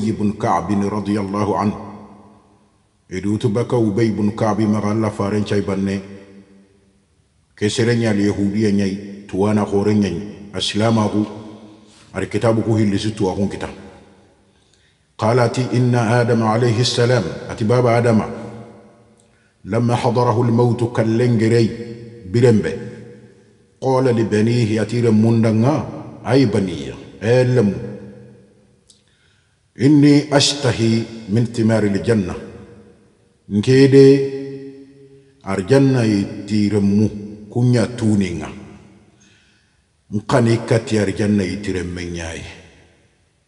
طيب بن كعب رضي الله عنه إدوت بك أبي بن كعب مغالا فارن شاي بني كسرن اليهودية ني توانا خورن ني أسلام أخو الكتاب هي اللي ستو أخون كتاب قالت إن آدم عليه السلام أتباب آدم لما حضره الموت كاللنجري برنبه قال لبنيه أتير مندنا أي بنية ألمو inni ashtahi min timari l janna nkeede ar janna e tiren mu kunya tuninga nkani kati ar janna e tiren me ñaayi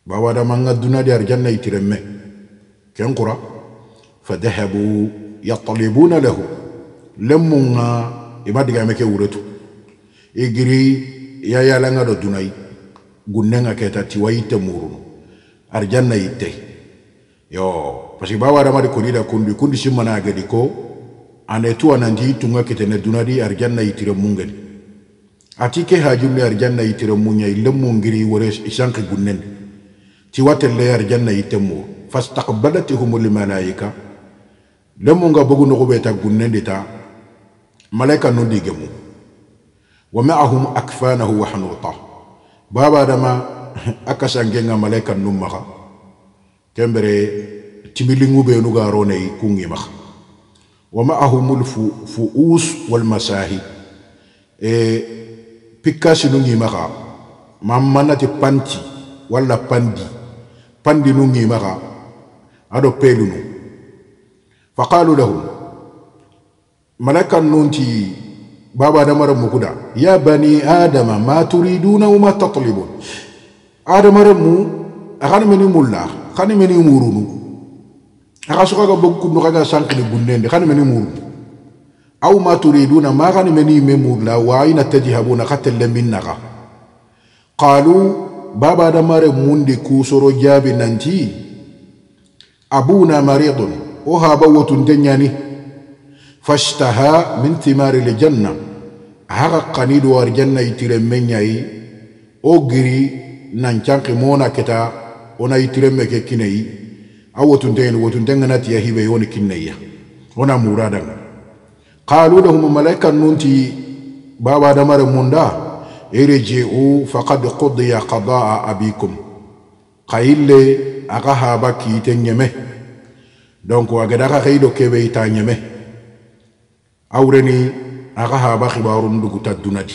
bawada manga dunadi ar janna e tiren me ken kura fa dahabu yatalibuna lahu lemmunga ima digame ke wuretu igiri yayalanga do dunayi gunnenga keta tiwayite murunu arjanna yitte yo parceque bawa adamadi koniida kundi kundi simmana gedi ko ane tu ananti yittunga kitene dunadi arjanna yittire mungedi ati ke hajumle arjanna yittire muña lemmungiri wore e sanke gunnendi ti wattelle arjanna yitte mo fastakbalatihum lmalaika lemmunga bogu nogube ta gunnendi ta malaika nundi gemu wa maahum akfanahu wa hanuta baba adama a kasangenga malaika num maxa kembere timilinŋubenu ga ronei kuŋi maxa wa maahumul fuus walmasahi e, pikkasinu ŋi maxa mammanati panti walla pandi pandi nu ŋi maxa ado pelunu faqalu lahum malaika nunti baba adamara muguda ya bani adama ma turiduna wuma tatlibun adama remu axani meni mulax xani meni murunu axa soxaga bogkunu xaga sankile gunnende xani meni murunu aw ma turiduna ma xani meni me murla wa ayna tajhabuna xa telle min naxa qalu baba adama remundi kusoro jaabi nanti abuna maridun o haba wotunte ñani fastaha min timari li janna axa xa qanidu arjanna yitiren me ñayi o giri nancanke mona keta wona yittirenme ke kineyi a wotunteen wotunten ganati ya hiɓe yoni kinneya wona muradanga qaluɗahuma malaika nunti baba adamare munda irjiu faqad kudiya qadaa abikum kayille aga haba kiite yeme donc agada ka kayido keɓe yita yeme awreni aga haba xibaru dugutadunadi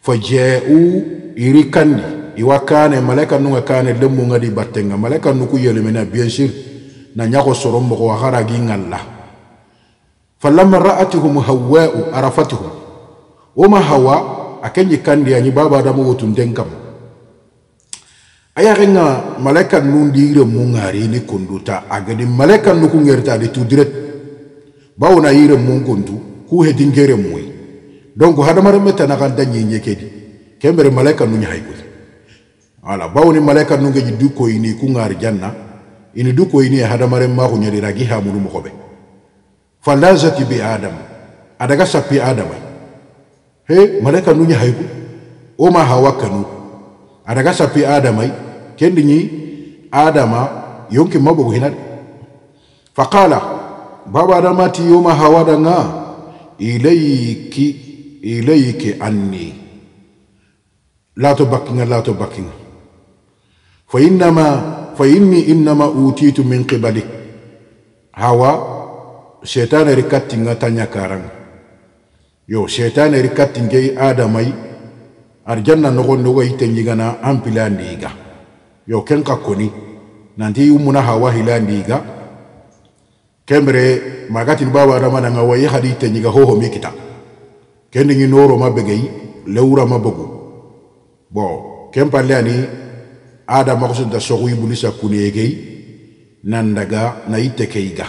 fa jeu irikandi iwa kane malaika nu ŋa kane lemmu ŋa di batte ŋa malaika nu ku yelemina bien sûr na ɲako soro mogo a haragi ŋalla falama ra'atihum hawwa'u arafatihum wo ma hawa a ke ɲi kandi a ɲi baba adama wo tunten kam a yaxe ŋa malaika nun diire mu ŋari ni kunduta a gedi malaika nu ku ŋerita di tu diret bawo na yire mun kuntu ku hedinkere muyi donc hadamaremetanaxanta ɲiɲe kedi kembere malaika nu ɲahaikuti wala bawni malaika nungeji du koyini ku ŋari janna ini du koyini e hadamaren maku ɲaliragi hamunu mohobe fa lazati bi adam adaga sappi adama he malaika nuɲa haygu wo ma hawakkanu adaga sappi adamai kendi ɲi adama yonki mabogo hinade fa qala baba adamati wo ma hawada ŋa ilayki ilayki anni lato bakkiŋa lato bakkiŋa fainnama fa inni innama utitu min qibalik hawa setane ri kattinga tanya karan yo setane ri kattinge adamai arjanna nogon nogo itenjigana ampilandiga yo kenka koni nanti umuna hawa hilandiga kemre magati baba adama nanga wayi hadi itenjiga hoho mikita kendingi noro mabegei leura mabogu bo kempa leani adama ko senta sogo ibulisa kuneegey nan daga nayitte keyga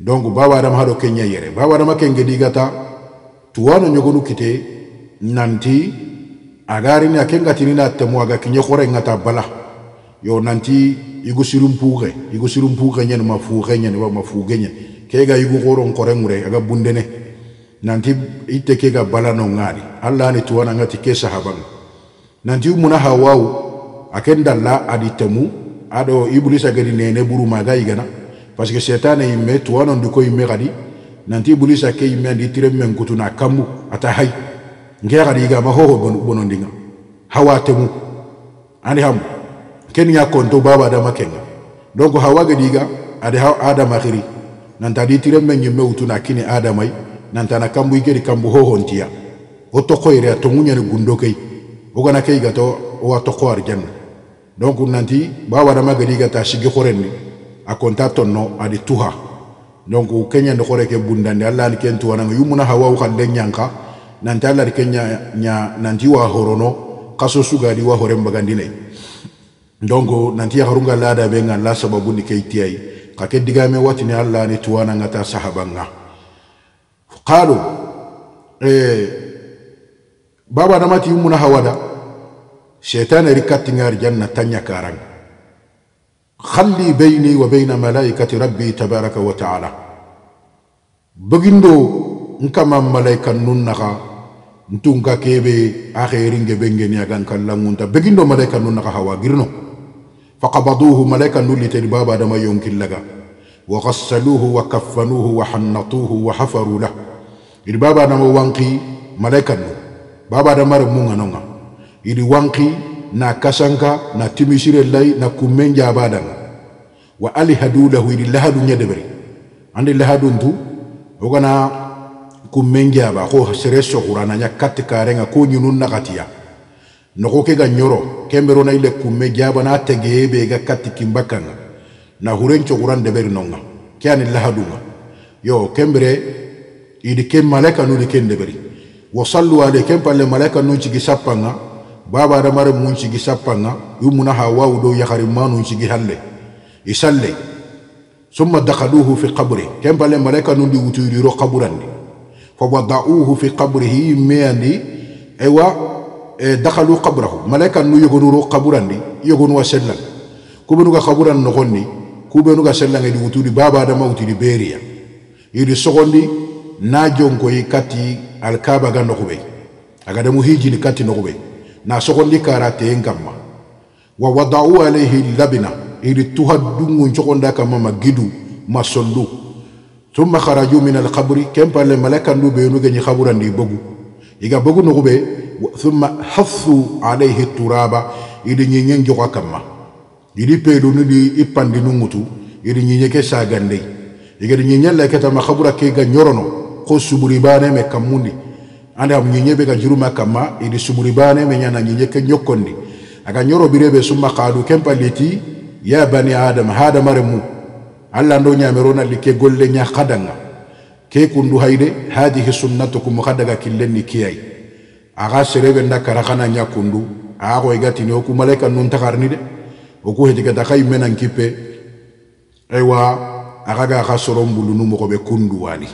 donc baba adama haɗo keña yere baba adama kenge digata tuwano ñogonu kite nanti agarini a kengatinina temo aga kiñe xorengata bala yo nanti igu sirumpuxe igu sirumpuxe ñen ma fuxe ñen ma fuge ñen kega igu xoron xorenŋure aga bundene nanti itte kega bala no ŋani allah ni tuwana ngati ke sahabanga nanti muna hawawu akendalla adi temu aɗo iblisa gadi nene buru maga igana parce que setane yimme towanondi ko yimme kadi nanti iblisa ke yimme andi tirem men gutuna kammu ata hay nge kadi igama hoho bonondiga hawa temu ani ham ken ya konto baba adama kenga donc hawa gadi ga ade ha adama khiri nanta di tirem men yimme utuna kini adamay nanta na kambu igeri kambu hoho ntia o to koyre to munyere gundo kay o gana kay gato o wa to ko arjanna donc nanti bawarama gadi gata sigi horenni a konta tonno adi tuha donc keñande hore ke bundande alla ni ken tuwananga yumuna hawawu hande ñanka nanti alla di ke ña nanti wa horono kaso sugadi wa horen bagandinayi donc nanti yaharunga lada be nga la sababu ni ke keitiyayi ka ke digame watini alla ni tuwananga ta sahabanga qalu eh, baba namati yumuna hawada شيطان ركت نار جنة تنيا كارن خلي بيني وبين ملائكة ربي تبارك وتعالى بغندو نكما ملائكة ننغا نتونغا كيبي آخرين جبنجن يغان كاللمون بغندو ملائكة ننغا هوا جرنو فقبضوه ملائكة نولي تلبابا دما يمكن لغا وغسلوه وكفنوه وحنطوه وحفروا له إلبابا دما وانقي ملائكة نو بابا دمار مونغا نونغا ini wanki na kasanka na timisire lay na kumen jabadan wa ali hadulahu ini lahadu nyedebri andi lahadu ndu ogana kumen jaba ko sere sokurana nya katte karenga ko nyunun nakatiya noko ke ga nyoro kembero na ile kumme jaba na tegebe ga katte kimbakan na huren chokuran deberi nonga kyani lahadu yo kembere idi kem malaka nu de kendeberi wa sallu alayka bal malaka nu chigi sappanga baba adamare mun sigi sappanga yumuna ha wawu dow yahari manun sigi halle i salle summa dakaluhu fi qabri kembale malaika nundi wutuyiriro qaburandi fa wadauhu fi qabrihi yimmeyandi ewa e dakalu qabrahu malaika nu yogonuro qaburandi yogonuwa sellal kubenuga qaburan nogonni kubenuga sellangedi wutudi baba adama wutudi beriya yiri sogondi na jonkoyi kati alkaba ga nogube agademu hijini kati nogubey na sogondi kara teyen kamma wa wadau alayhi labina iri tuha dungun sogonda kamma ma gidu ma sollu tumma haraju min alkabri kempale malakandu beyonu geñi xaburandi bogu iga bogu nuxube tumma hassu alayhi turaba iri ñiñen joxa kamma idi peydunu di ippandi nungutu iri ñiñe ke sagandey igadi ñiñen leketama xabura ke ga ñorono ko suburi baneme kammundi ande am ñiñe ɓe ga jurma kamma ini sumuri bane me ñana ñiñe ke ñokkondi aga ñoro ɓireɓe summa kaadu ken palliti ya bani adam hadamare mu allah ndo ñamironalli ke golle ña kadanga ke kundu hayde hadihi sunnatukum kadaga killenni kiyay aga sereɓe ndakkata xana ña kundu aa xoy gatini oku malaika nun taxarni de oku xetigata xa yimmenan kippe aywa axaga xa soron bulunu moxoɓe kundu wani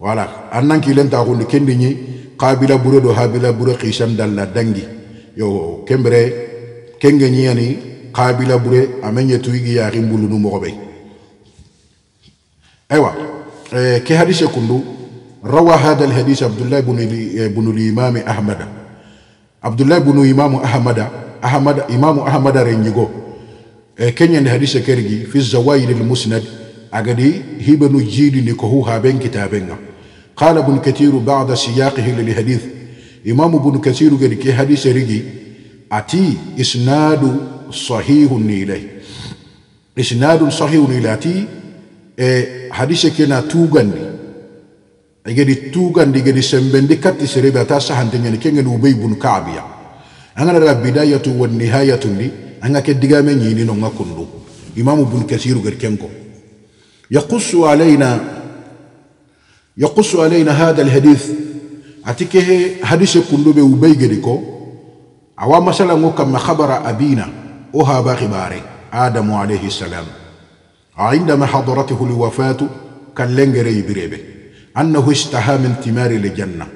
wala annan kilen ta ni kendi ni qabila bure do habila bure qishan dalla dangi yo kembere kenge ni ani qabila bure amenye tuigi ya rimbulu nu mogobe ايوا إيه كي حديث كندو روى هذا الحديث عبد ibn بن بن الامام احمد عبد الله بن ahmad احمد احمد امام احمد رنجو إيه كنيا حديث كيرجي في الزوايد المسند agadi hibanu jiidi ni ko huha ɓen kitaben gam qala bune kathiru bada siyaqihi lil hadith imamu bune kathiru gadi ke hadise rigi ati isnadu sahihu ni ilay isnadu sahihu ni ila ati e hadise kena tugandi egedi tugandi gedi sembendi katti sereɓe ata sahantiñani kegedi ubey bune kaabiya aganara bidayatu wa nihayatu ndi anga ke digame ñini no gakkun ɗum imamu bune kathiru gadi kenko يقص علينا يقص علينا هذا الحديث أتكه حديث كندوب وبيجريكو أو مثلا كما خبر أبينا أها باخباري آدم عليه السلام عندما حضرته الوفاة كان لنجري بريبه أنه اشتهى من ثمار الجنة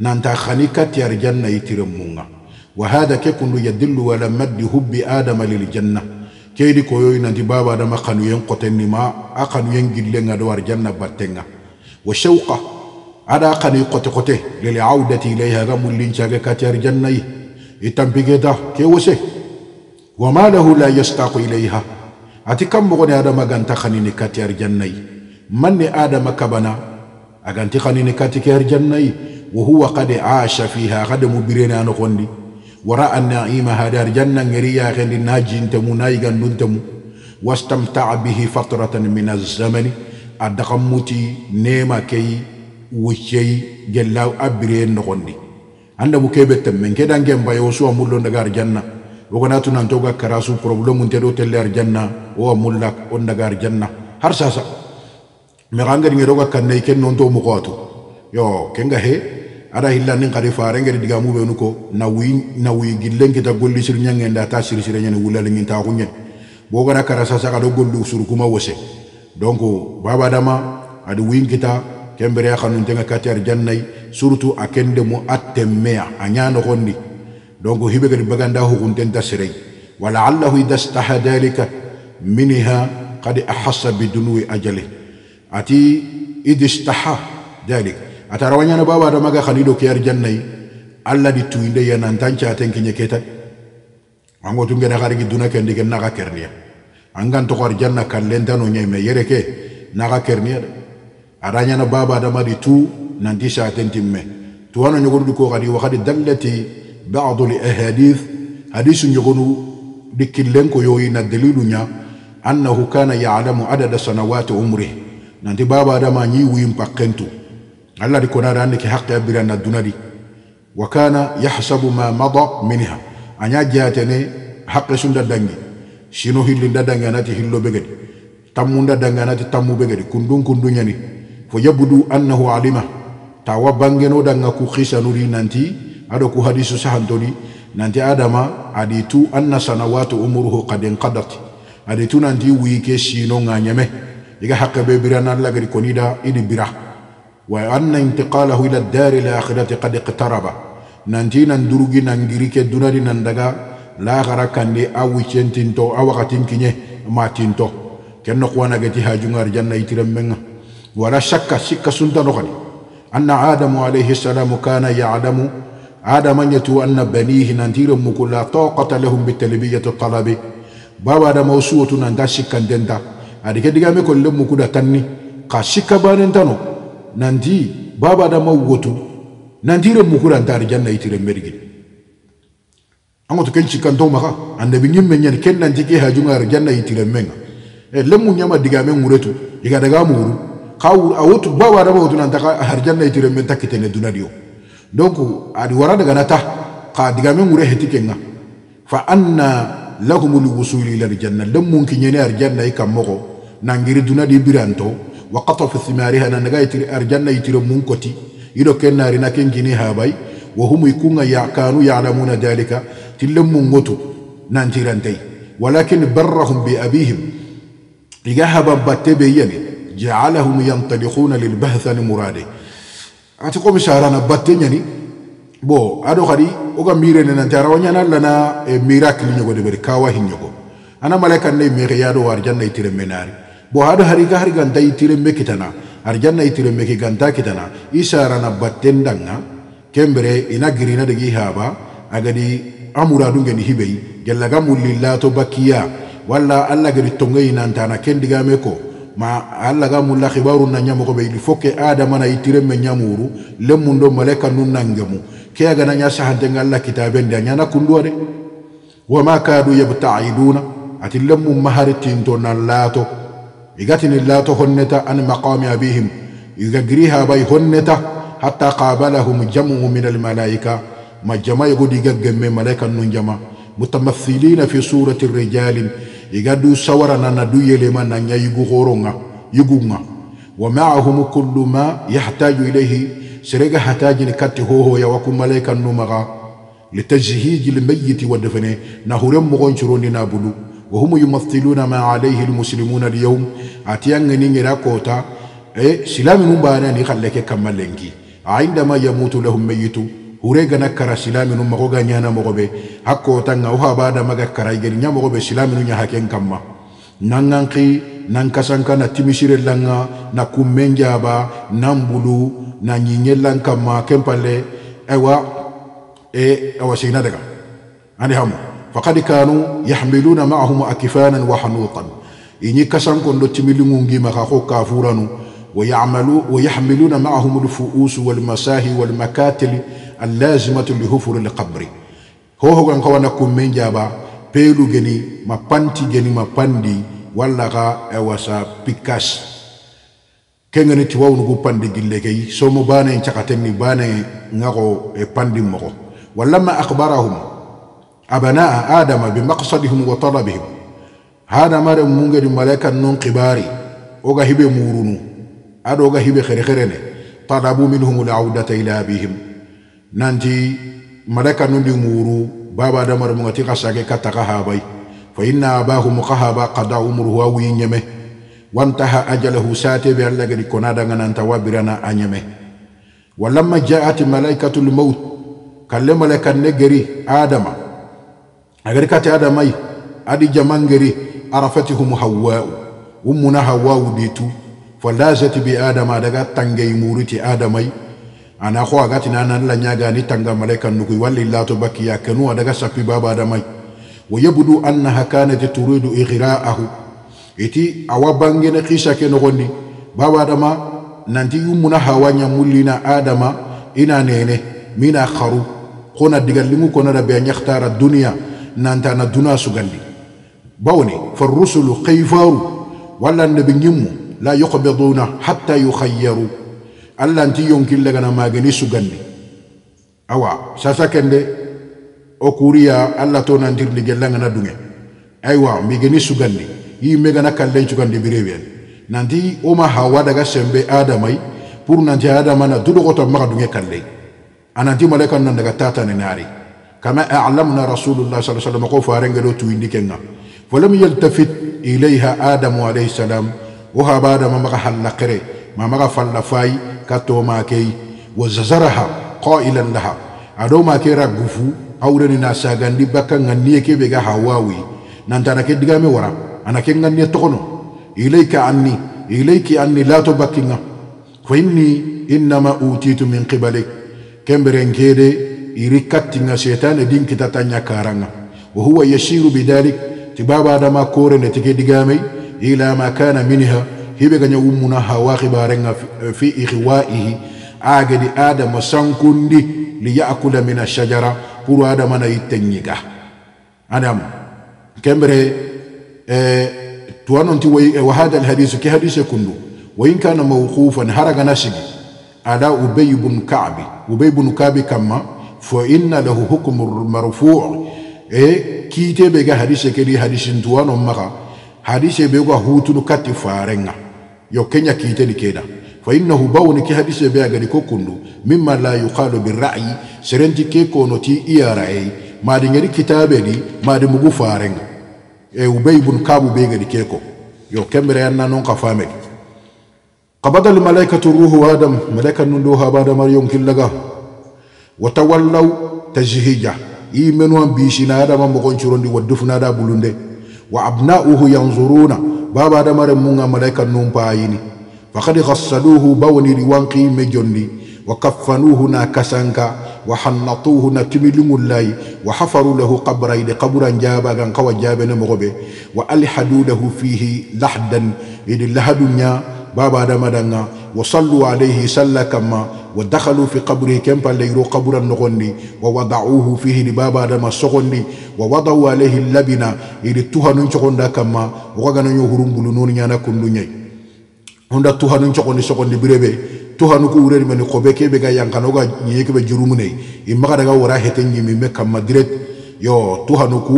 نانتا خنيكة الجنة يترمونا وهذا كيكون يدل على مد حب آدم للجنة keydi ko yoy nanti baba adama kanu yen kotenni ma a kanu yen gillenga do war janna battenga wa shawqa ada kanu kote kote lil audati ilayha ga mulin chaga katyar janna yi itambige da ke wose wa ma lahu la yastaq ilayha ati kam bo ne adama ganta kanu ni katyar janna yi manni adama kabana aganti kanu ni katyar janna yi wa huwa qad aasha fiha qad mubirina an qondi wa ra a naima haade ar janna ngeri yaahendi naajinte mu naayigandunte mu wastamtaa bihi fatratan min alzamani a dakammuti nema keyi wucceyi gellaw abbiree nogondi hannde mu keɓe tem men keɗa ngen bayo o suwa mullo daga ar janna wogonatunantoga karasu probléme unte ɗo telle ar janna owa mulla on daga ar janna har sasa mais xa ngadi ngeɗoga kannayi ken noon to mogoa to yo kenga he ada hillani kadi fare ngeri diga mu benuko na wi na wi gillen kita golli sir nyange nda ta sir sir nyane wulale min ta hunye bo gara kara sa sa kadu gollu sur kuma wose donc baba dama adu wi kita kembere khanu tenga katiar jannai surtout akende mu atemmea anyano hondi donc hibe gari baganda hu kunten ta sirai wala allahu idastaha dalika minha qad ahassa bidunwi ajali ati idistaha dalika ata rawañana babada maga xan ido ke ar jannayi allah di tuinde ya nantancaten kiñe ketat angotu ngene xar giduna ke ndige naxa kerniya angan toxo ar janna kan lentano ñay me yere ke naxa kerniya de ada ñana baba dama di tu nanti saten timme tuwano ñogonu di ko xadi waxadi dallati bado l ahadith hadisu ñogonu di killenko yoyi na dalilu ña annahu kana yaalamu adada sanawati umri nanti baba dama ñi wuyin paqentu allah ɗi konaɗa anndi ke haqqe abbiranna duna ɗi wa kana yahsabu ma mada miniha a ña jeyatene haqqe su daddangge sino hilli daddange anati hilloɓe geɗe tammu daddange anati tammuɓe geɗe kundun kundunñani fo yabudu annahu alima ta wa bangenoɗanga ku xisanuri nanti aɗo ku hadisu sahantoni nanti adama aɗi tu anna sanawatu umuruhu kaden kadat aɗi tu nanti wuike sino ga ñeme iga haqqe ɓe biranna allah geɗi konida iɗi bira wa anna intiqalahu ila addari lakhirati qad iqtaraba nanti nan durugi nan girike dunari nan daga lakhara kandi a wicentinto a wakatin kiñe ma tinto ken no qowanageti hajungar janna yitiren menga wala shakka sikka sunta noxani anna adamu alayhi salamu kana yalamu adama ñetu anna banihi nantiren muku la taqata lahum bitalbiyati talabi baba adama wo suwotu nanta sikkantenta adi ke digame kolle mukuda tanni xa sikka banentano nandi baba adama woto nandire mukura ntare janna itire mergin angoto ken cikkanto maka annabi ñimme ñani ken nanti ke hajungar janna itire menga e lemmu ñama diga men wuretu iga daga muru ka wuru a wotu baba adama wotu nanta ka har janna itire men takkitene dunadio donc adi wara daga nata ka diga men wure heti kenga fa anna lahumul wusuli ila aljanna lemmu ki ñani ar janna i kammoko nangiri dunadi biranto wa kata fi simari hana naga itiri arjanna itiri mun koti yido kenari na ken gini habai wa humu ikunga ya kanu ya alamuna dalika tilim mun gotu nantiran tai walakin barrahum bi abihim iga haba batte be yani ja'alahum yantadikhuna lil bahthani muradi ati ko mishara na batte nyani bo ado khadi o ga mire ne nan tara wanyana lana e miracle nyogo de ber kawa hin nyogo ana malaika ne mire yado war janna itire menari bo hada hariga har ganta itiremme kitana arjanna itiremme ki ganta kitana isarana batten danga kembere ina girina degi haba agadi amuradu ngeni hibei gellaga mulillato bakiya walla alla gadi tongei nantana kendigame ko ma alla ga mulla khibaru na nyamu ko be il faut que adama na itire me nyamuru lemu ndo malaika nun nangemu ke aga na nyasa hande ngalla kitabe nda nyana kunduare wa ma kadu yabta'iduna ati lemu maharitin to na lato igatini lato honneta an maqami abihim iga griha bay honneta hatta qabalahum jamu min almalaika ma jama yogodi iga gemme malaika nun jama mutamathilina fi surati rijalin iga du sawara nana du yelema nanya yugu horonga yugunga wa ma'ahum kullu ma yahtaju ilayhi sirega hatajini katti hoho ya wakum malaika numaga litajhiji lmayiti wadefene na hurem mogon curondina bulu wahum yumathiluna ma alayhi almuslimuna alyawm atiyangeni ngera kota e silami num banani xalleke kamma lenki aindama yamutu lahum mayitu hure gana kara silami num mago gañana mogoɓe hakkotanga wo habadamaga karaygeni ñamogoɓe silami nu ñahaken kamma nanganki nan kasanka na timisire langa na kumme njaba nan bulu na ñiñe lan kamma kempalle awa e awa seina daga ani hamu faqad kanu yahmiluna maahum akifanan wa hanuutan iñi kasankon ɗo timilingun gima ka ko kafuranu wa yahmiluna maahum alfuus walmasahi walmakatil allazimatu lihufur alqabri hohogan ka wana kummen jaba peelu geni ma panti geni ma pandi walla ka ewasa pikas kengeni ti wawnugu pandi gillekeyi somo banen cakaten ni banen ŋako e pandin moxo walla ma akhbarahum abanaa adama be maksadihum wa talabihim hanamare mungedi malaika non kibari oga hibe murunu ado oga hibe herehereene talabu minhum laudata ila abihim nanti malaika nondi muru baba adamare mungati kasage kata kahabai fa inna abahum kahaba kada umruhu awi nyeme wantaha ajalahu sate be allah gadi konada ngananta wabirana anyeme walamma jaati malaikatul maut kalle malaika negeri adama agari kati adamayi adi jamangeri arafatihum hawwau wummuna hawwau ditu falasati bi adama adaga tangeyi muriti adamayi ana ho agati nananla ñagani tanga malaika nugui walla illato bakkiya kenu adaga sappi baba adamayi wayabudu annaha kanati turidu ihiraahu iti awa bangene kisa ke nogondi baba adama nanti yummuna hawa ñamullina adama ina nene mina haru kona digallingu konara be a ñaktara duniya nanta na duna sugandi bawni farrusulu kayfaru walla nabi ñimmu la yukbiduna hatta yukhayyaru alla nti yonkillegana magani sugandi awa sasa kende o kuriya alla to nantirndi gellangana dunge aywa migani sugandi yimmegana kallen cugandi birewen nanti oma hawa daga sembe adamay pour nanti adama na duɗogotan maga dunge kallei ananti malaika nan daga tatanenari kama alamna rasulullah sa sallam ko farengelo tuyindikenga falam yaltafit ilayha adamu alayhi salam wo haba adama maga hallakere ma maga falla fayi ka toma key wa zazaraha qailan laha adoma ke raggufu awreni na sagandi bakka ganniye ke ɓega hawawi nantana ke digame wara ana ke ganniye tokono ilayka anni ilayki anni la to bakkinga fa inni innama utitu min qibalik kemberen kede iri kattinŋa setane dinkitata ñakaranŋa wa huwa yasiru bidalik ti baba adama korene tike digamey ila ma kana miniha hibe gaña wummuna hawa xibarenŋa fi eh, ihiwa'ihi agedi adama sankundi liyakula min ashajara pour adama na yitte ñiga anam kembere eh, tuwanonti wa eh, hada alhadisu ke hadise kundu wa in kana mawqufan haragana sigi ala ubay bun kabi ubay bun kabi kamma fo inna lahu hukmu marfuu e kiiteɓe ga hadise kedi hadisintuwano maxa hadise ɓe ga hutunu kati farenga yo keña kiiteni keda fa innahu bawni ke hadise ɓe a gadi kokkundu mimma la yuqalu birai serenti ke kono ti iyara ey madi ngeri kitabe di madi mugu farenga e ubay bun kabu be gadi keko yo kemre anna non ka fameki qabada al malaikatu ruhu adam malaika nundu habada maryum kilaga wa tawallaw tajhija yimmenu an bisina adama mogoncirondi wa dufnada bulunde wa abna'uhu yanzuruna baba adama ren munga malaika numpayini fakad gassaluhu bawniri wankiyimme jondi wa kaffanuhu na kasanka wa hannatuhu na timilingullayi wa hafaru lahu kabrayde kaburan jabagan kawa jabene mogoɓe wa alhadu lahu fihi lahdan idi lahadu ya baba adama danga wa sallu alayhi salla kamma wa dakalu fi qabri kempalle yiro qaburan nogondi wa wadauhu fihi ni baba adama sogondi wa wadau alayhi labina idi tuhanun cogonda kamma wogaganayo hurumbulu nonu ñana kundu ñayi onda tuhanun cogondi sogondi birebe tuhanu ko wureni mani xobe kebe ga yankana oga ñeye kebe jurumunei i maxada ga wara hete ñimi me kamma direct yo tuhanu ku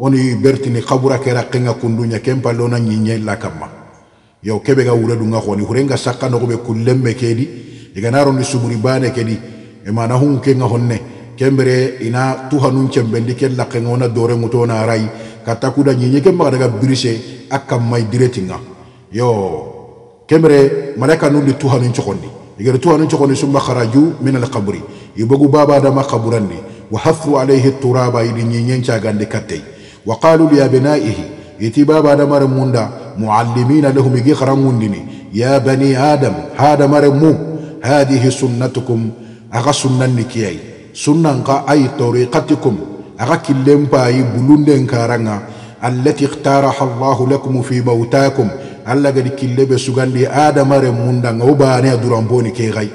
oni bertini xabura ke ra xenga kundu ña ken palle ona ñiñayla kamma yo kebe ga wuredunga xoni hurenga sakka noxobe kullenme kedi iga naron ni sumuri bane kedi e mana hun ke nga honne kembere ina tuha nun cembendi ke lakke ngona dore muto na rai kata kuda nyinyi ke maga daga birise akam mai diretinga yo kembere malaka nun di tuha nun chokondi iga tuha nun chokondi sumba kharaju min al qabri ibogu baba da ma qabrandi wa hafu alayhi turaba idi nyinyen cha gande katte wa qalu li abnaihi iti baba da mare munda muallimina lahum igi kharamundini ya bani adam hada mare mu hadihi sunnatukum aga sunnanni kiyai sunnan ka ayi tariqatikum aga killenpayi bulunden karanga allati iktaraha allahu lakum fi mautakum alla gadi kille be sugandi adamaren mundanga wo bane a duranponi ke gay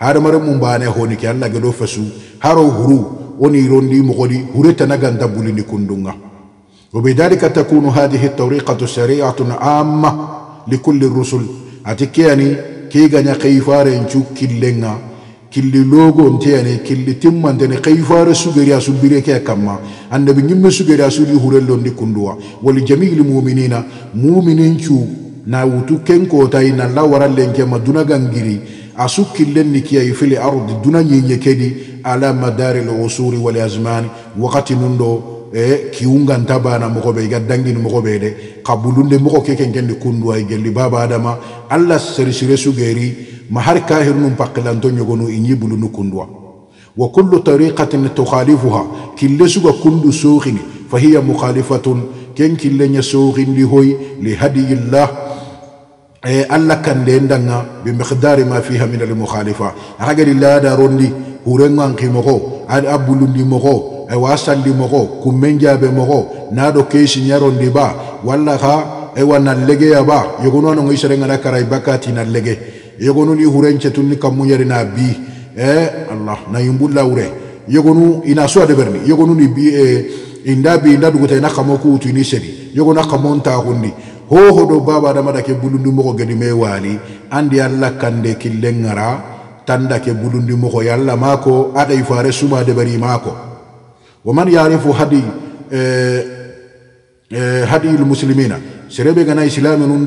adamaren mun bane honi ke alla gado fasu haro huru woni rondi mogodi huretana ganta bulindi kundunga wabidalika takunu hadihi tariqatu shariatun amma likulli rusul ati keyani kiigaña kayifaren cu killenga killi logo nteyane killi timmantene kayifare sugeri a subire ke kamma annabi ñimme sugeri a suli hurellondi kunduwa wali jamiili muminina muminin cu na wutu kenkotayi nalla warallen kema dunagangiri a su killenni kiyayi fili ardi duna ñiñe kedi ala madaril usuri wal azmani wakati nun ɗo eh, kiwungantabana mogoɓe ga dangini mogoɓe de ka bulunde mogo keken kendi kunduwa e gelli baba adama allah sersire sugeri ma har kahirnum pakkilanto ñogonu iñi bulundu kunduwa wa kullu tariqatin tukhalifuha kille suga kundu sokini fahiya mukhalifatun ken kille ña sokindi hoy li hadiyillah e allah kande danga bi miqdari ma fiha min almukhalifa axa gadi laadarondi hurenganki moxo a bulundi moxo e wasandi mogo kummenjaɓe mogo naɗo kesi ñarondi ba walla ha ewa nallegeya ba yogonuano isere gaɗa karay bakati nallege yogonuni hurence tunni kammuñarina bi e eh, allah na yumbulla wure yogonu ina suwade berni yogonuni bi e eh, inda bi inda dugute na kamo ku utini seri yogo na kamo nta hundi ho ho do baba da mada ke bulundu mo gedi me wali andi alla kande ki lengara tanda ke bulundu mo ko yalla mako ada ifare suma de bari mako wo man yarifu hadi eh, eh, hadi lmuslimina sereɓe gana islami num